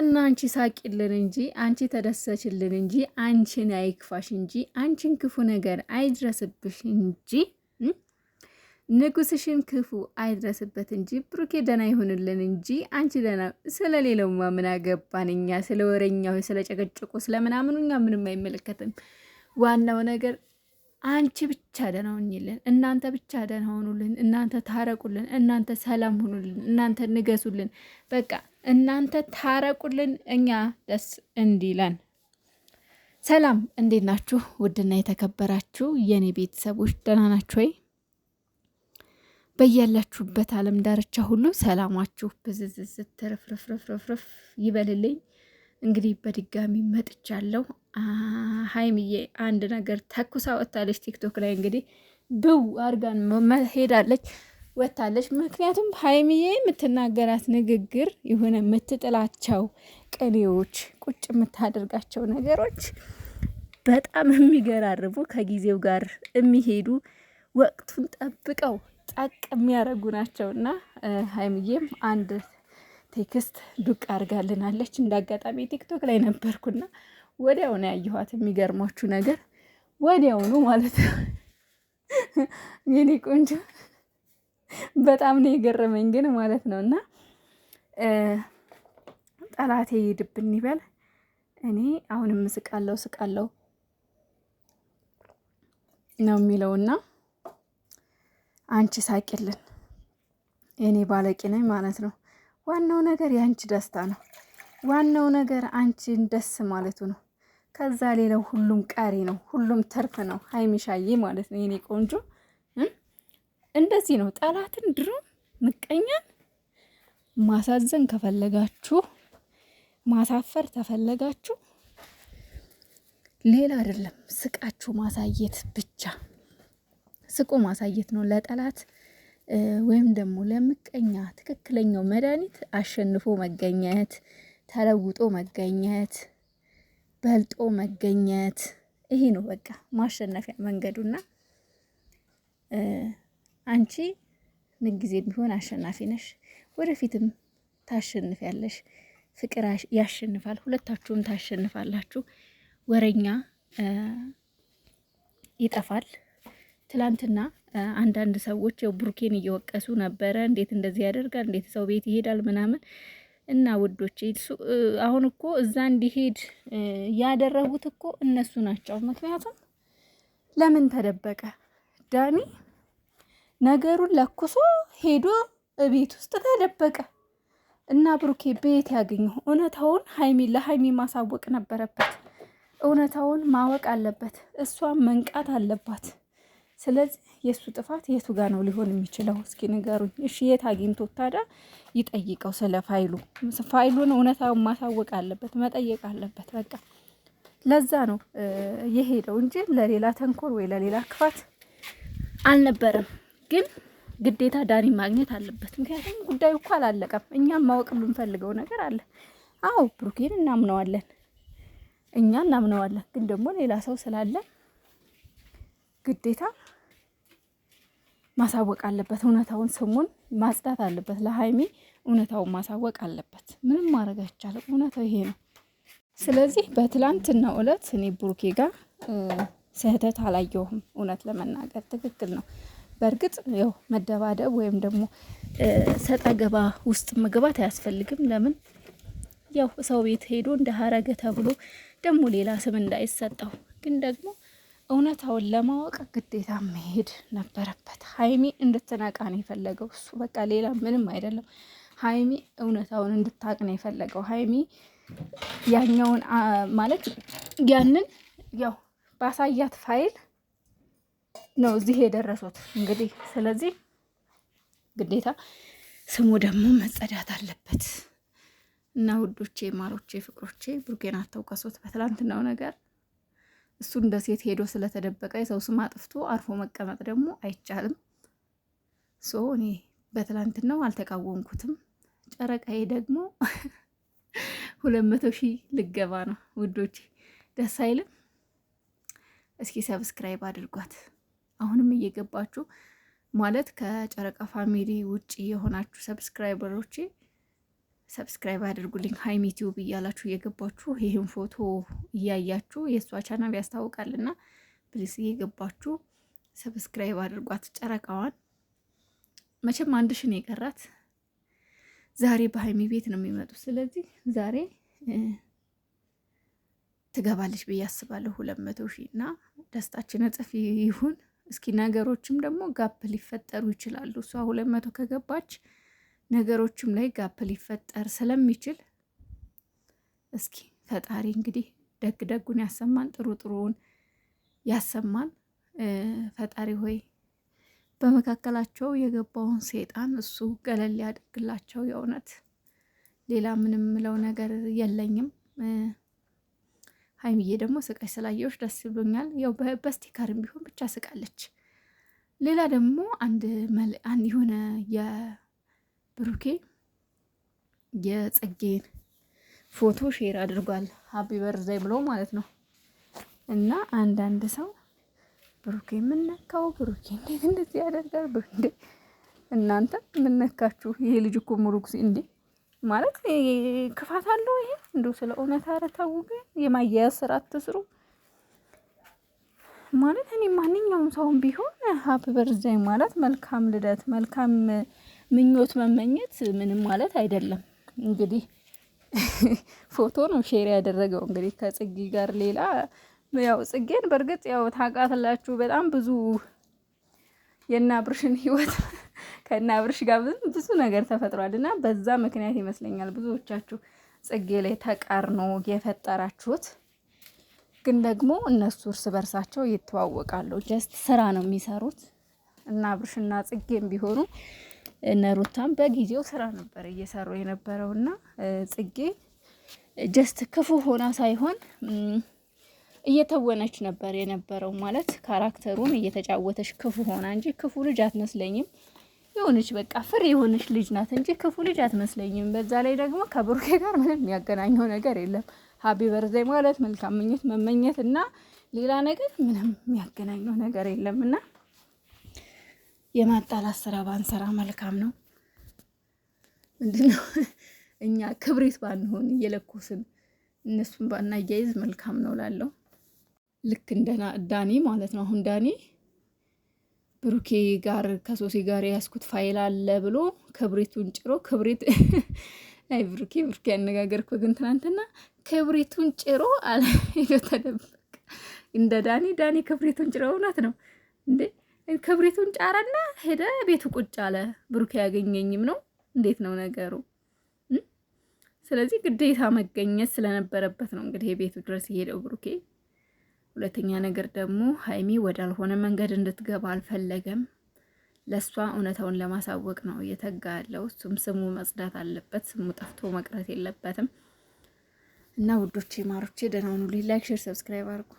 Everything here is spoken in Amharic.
እና አንቺ ሳቂልን እንጂ አንቺ ተደሰችልን እንጂ አንቺን አይክፋሽ እንጂ አንቺን ክፉ ነገር አይድረስብሽ እንጂ ንጉስሽን ክፉ አይድረስበት እንጂ ብሩኬ ደና ይሁንልን እንጂ አንቺ ደና። ስለሌለውማ ምን አገባን እኛ? ስለ ወሬኛው፣ ስለ ጨቀጭቁ፣ ስለምናምኑ እኛ ምንም አይመለከትም። ዋናው ነገር አንቺ ብቻ ደና ሁኝልን፣ እናንተ ብቻ ደና ሆኑልን፣ እናንተ ታረቁልን፣ እናንተ ሰላም ሁኑልን፣ እናንተ ንገሱልን በቃ እናንተ ታረቁልን እኛ ደስ እንዲለን። ሰላም እንዴት ናችሁ? ውድና የተከበራችሁ የእኔ ቤተሰቦች ደህና ናችሁ ወይ? በያላችሁበት ዓለም ዳርቻ ሁሉ ሰላማችሁ ብዝዝዝት ትርፍርፍርፍርፍ ይበልልኝ። እንግዲህ በድጋሚ መጥቻለሁ። ሀይምዬ አንድ ነገር ተኩሳ ወጥታለች ቲክቶክ ላይ እንግዲህ ብው አርጋን መሄዳለች። ወታለች። ምክንያቱም ሀይሚዬ የምትናገራት ንግግር የሆነ የምትጥላቸው ቅኔዎች፣ ቁጭ የምታደርጋቸው ነገሮች በጣም የሚገራርቡ ከጊዜው ጋር የሚሄዱ ወቅቱን ጠብቀው ጠቅ የሚያደርጉ ናቸውና ሀይሚዬም አንድ ቴክስት ዱቅ አድርጋልናለች። እንዳጋጣሚ ቲክቶክ ላይ ነበርኩና ወዲያውኑ ያየኋት የሚገርማችሁ ነገር ወዲያውኑ ማለት ነው የኔ ቆንጆ በጣም ነው የገረመኝ ግን ማለት ነው። እና ጠላቴ ይሄድብን ይበል። እኔ አሁንም ስቃለው ስቃለው ነው የሚለውና አንቺ ሳቂልን፣ እኔ ባለቂ ነኝ ማለት ነው። ዋናው ነገር የአንቺ ደስታ ነው። ዋናው ነገር አንቺን ደስ ማለቱ ነው። ከዛ ሌላው ሁሉም ቀሪ ነው፣ ሁሉም ትርፍ ነው። ሀይሚሻዬ ማለት ነው የኔ ቆንጆ እንደዚህ ነው ጠላትን፣ ድሮም ምቀኛን ማሳዘን ከፈለጋችሁ ማሳፈር ተፈለጋችሁ ሌላ አይደለም፣ ስቃችሁ ማሳየት ብቻ ስቆ ማሳየት ነው ለጠላት ወይም ደግሞ ለምቀኛ ትክክለኛው መድኃኒት አሸንፎ መገኘት፣ ተለውጦ መገኘት፣ በልጦ መገኘት። ይሄ ነው በቃ ማሸነፊያ መንገዱና አንቺ ምንጊዜም ቢሆን አሸናፊ ነሽ፣ ወደፊትም ታሸንፊያለሽ። ፍቅር ያሸንፋል፣ ሁለታችሁም ታሸንፋላችሁ። ወረኛ ይጠፋል። ትላንትና አንዳንድ ሰዎች ያው ብሩኬን እየወቀሱ ነበረ። እንዴት እንደዚህ ያደርጋል? እንዴት ሰው ቤት ይሄዳል? ምናምን እና ውዶች፣ አሁን እኮ እዛ እንዲሄድ ያደረጉት እኮ እነሱ ናቸው። ምክንያቱም ለምን ተደበቀ ዳኒ ነገሩን ለኩሶ ሄዶ እቤት ውስጥ ተደበቀ እና ብሩኬ ቤት ያገኘው? እውነታውን ሀይሚ ለሀይሚ ማሳወቅ ነበረበት። እውነታውን ማወቅ አለበት። እሷ መንቃት አለባት። ስለዚህ የእሱ ጥፋት የቱ ጋ ነው ሊሆን የሚችለው? እስኪ ንገሩኝ። እሺ የት አግኝቶ ታዲያ ይጠይቀው ስለ ፋይሉ። ፋይሉን እውነታውን ማሳወቅ አለበት፣ መጠየቅ አለበት። በቃ ለዛ ነው የሄደው እንጂ ለሌላ ተንኮል ወይ ለሌላ ክፋት አልነበረም። ግን ግዴታ ዳኒ ማግኘት አለበት። ምክንያቱም ጉዳዩ እኮ አላለቀም። እኛም ማወቅ የምንፈልገው ነገር አለ። አዎ ብሩኬን እናምነዋለን፣ እኛ እናምነዋለን። ግን ደግሞ ሌላ ሰው ስላለ ግዴታ ማሳወቅ አለበት። እውነታውን ስሙን ማጽዳት አለበት። ለሀይሚ እውነታውን ማሳወቅ አለበት። ምንም ማድረግ አይቻልም። እውነታው ይሄ ነው። ስለዚህ በትላንትና እለት እኔ ብሩኬ ጋር ስህተት አላየሁም። እውነት ለመናገር ትክክል ነው። በእርግጥ ያው መደባደብ ወይም ደግሞ ሰጠገባ ውስጥ መግባት አያስፈልግም። ለምን ያው ሰው ቤት ሄዶ እንደ ሀረገ ተብሎ ደግሞ ሌላ ስም እንዳይሰጠው። ግን ደግሞ እውነታውን ለማወቅ ግዴታ መሄድ ነበረበት። ሀይሚ እንድትነቃ ነው የፈለገው እሱ። በቃ ሌላ ምንም አይደለም። ሀይሚ እውነታውን እንድታቅ ነው የፈለገው። ሀይሚ ያኛውን ማለት ያንን ያው ባሳያት ፋይል ነው እዚህ የደረሱት። እንግዲህ ስለዚህ ግዴታ ስሙ ደግሞ መጸዳት አለበት እና ውዶቼ፣ ማሮቼ፣ ፍቅሮቼ ብሩኬን አታውቀሱት። በትላንትናው ነገር እሱ እንደ ሴት ሄዶ ስለተደበቀ የሰው ስም አጥፍቶ አርፎ መቀመጥ ደግሞ አይቻልም። ሶ እኔ በትላንትናው አልተቃወምኩትም። ጨረቃዬ ደግሞ ሁለት መቶ ሺህ ልገባ ነው ውዶቼ፣ ደስ አይልም? እስኪ ሰብስክራይብ አድርጓት። አሁንም እየገባችሁ ማለት ከጨረቃ ፋሚሊ ውጭ የሆናችሁ ሰብስክራይበሮቼ ሰብስክራይብ አድርጉልኝ ሀይሚ ቲዩብ እያላችሁ እየገባችሁ ይህን ፎቶ እያያችሁ የእሷ ቻናል ያስታውቃልና ፕሊስ እየገባችሁ ሰብስክራይብ አድርጓት ጨረቃዋን። መቼም አንድ ሽን የቀራት ዛሬ በሀይሚ ቤት ነው የሚመጡት። ስለዚህ ዛሬ ትገባለች ብዬ አስባለሁ። ሁለት መቶ ሺህ እና ደስታችን እጥፍ ይሁን። እስኪ ነገሮችም ደግሞ ጋፕ ሊፈጠሩ ይችላሉ። እሷ ሁለት መቶ ከገባች ነገሮችም ላይ ጋፕ ሊፈጠር ስለሚችል እስኪ ፈጣሪ እንግዲህ ደግ ደጉን ያሰማን፣ ጥሩ ጥሩውን ያሰማን። ፈጣሪ ሆይ በመካከላቸው የገባውን ሰይጣን እሱ ገለል ያደርግላቸው። የእውነት ሌላ ምንም ምለው ነገር የለኝም። ሀይሚዬ ደግሞ ስቃይ ስላየዎች ደስ ብሎኛል። ያው በስቲከርም ቢሆን ብቻ ስቃለች። ሌላ ደግሞ አንድ የሆነ የብሩኬ የጽጌን ፎቶ ሼር አድርጓል። ሀቢ በርዛይ ብሎ ማለት ነው። እና አንዳንድ ሰው ብሩኬ የምነካው ብሩኬ እንዴት እንደዚህ ያደርጋል? እናንተ የምነካችሁ ይሄ ልጅ እኮ ሙሩክሲ እንዴ ማለት ክፋት አለው ይሄ? እንዶ ስለ እውነት አረታው ግን የማያያዝ ስራ አትስሩ። ማለት እኔ ማንኛውም ሰውም ቢሆን ሀፕ በርዝዴይ ማለት መልካም ልደት፣ መልካም ምኞት መመኘት ምንም ማለት አይደለም። እንግዲህ ፎቶ ነው ሼር ያደረገው እንግዲህ ከጽጌ ጋር ሌላ ያው ጽጌን በእርግጥ ያው ታውቃትላችሁ በጣም ብዙ የናብርሽን ህይወት ከእነ አብርሽ ጋር ብዙ ነገር ተፈጥሯል እና በዛ ምክንያት ይመስለኛል ብዙዎቻችሁ ጽጌ ላይ ተቃርኖ የፈጠራችሁት። ግን ደግሞ እነሱ እርስ በርሳቸው ይተዋወቃሉ። ጀስት ስራ ነው የሚሰሩት እና አብርሽና ጽጌም ቢሆኑ ነሩታም በጊዜው ስራ ነበር እየሰሩ የነበረውና ጽጌ ጀስት ክፉ ሆና ሳይሆን እየተወነች ነበር የነበረው ማለት ካራክተሩን እየተጫወተች ክፉ ሆና እንጂ ክፉ ልጅ አትመስለኝም። የሆነች በቃ ፍሬ የሆነች ልጅ ናት እንጂ ክፉ ልጅ አትመስለኝም። በዛ ላይ ደግሞ ከብሩኬ ጋር ምንም የሚያገናኘው ነገር የለም። ሀቢ በርዘይ ማለት መልካም ምኞት መመኘት እና ሌላ ነገር ምንም የሚያገናኘው ነገር የለም እና የማጣላት ስራ ባንሰራ መልካም ነው። ምንድነው እኛ ክብሪት ባንሆን እየለኮስን እነሱን ባናያይዝ መልካም ነው ላለው ልክ እንደ ዳኒ ማለት ነው አሁን ዳኒ ብሩኬ ጋር ከሶሴ ጋር ያስኩት ፋይል አለ ብሎ ክብሪቱን ጭሮ ክብሪት አይ ብሩኬ ብሩኬ ያነጋገርኩ ግን ትናንትና ክብሪቱን ጭሮ አለ ሄዶ ተደበቀ። እንደ ዳኒ ዳኒ ክብሪቱን ጭሮ እውነት ነው እንዴ? ክብሪቱን ጫረና ሄደ ቤቱ ቁጭ አለ። ብሩኬ ያገኘኝም ነው እንዴት ነው ነገሩ? ስለዚህ ግዴታ መገኘት ስለነበረበት ነው እንግዲህ የቤቱ ድረስ የሄደው ብሩኬ ሁለተኛ ነገር ደግሞ ሀይሚ ወዳልሆነ መንገድ እንድትገባ አልፈለገም። ለእሷ እውነታውን ለማሳወቅ ነው እየተጋ ያለው። እሱም ስሙ መጽዳት አለበት። ስሙ ጠፍቶ መቅረት የለበትም። እና ውዶቼ ማሮቼ ደህና ላይክ፣ ሼር፣ ሰብስክራይብ አድርጉ።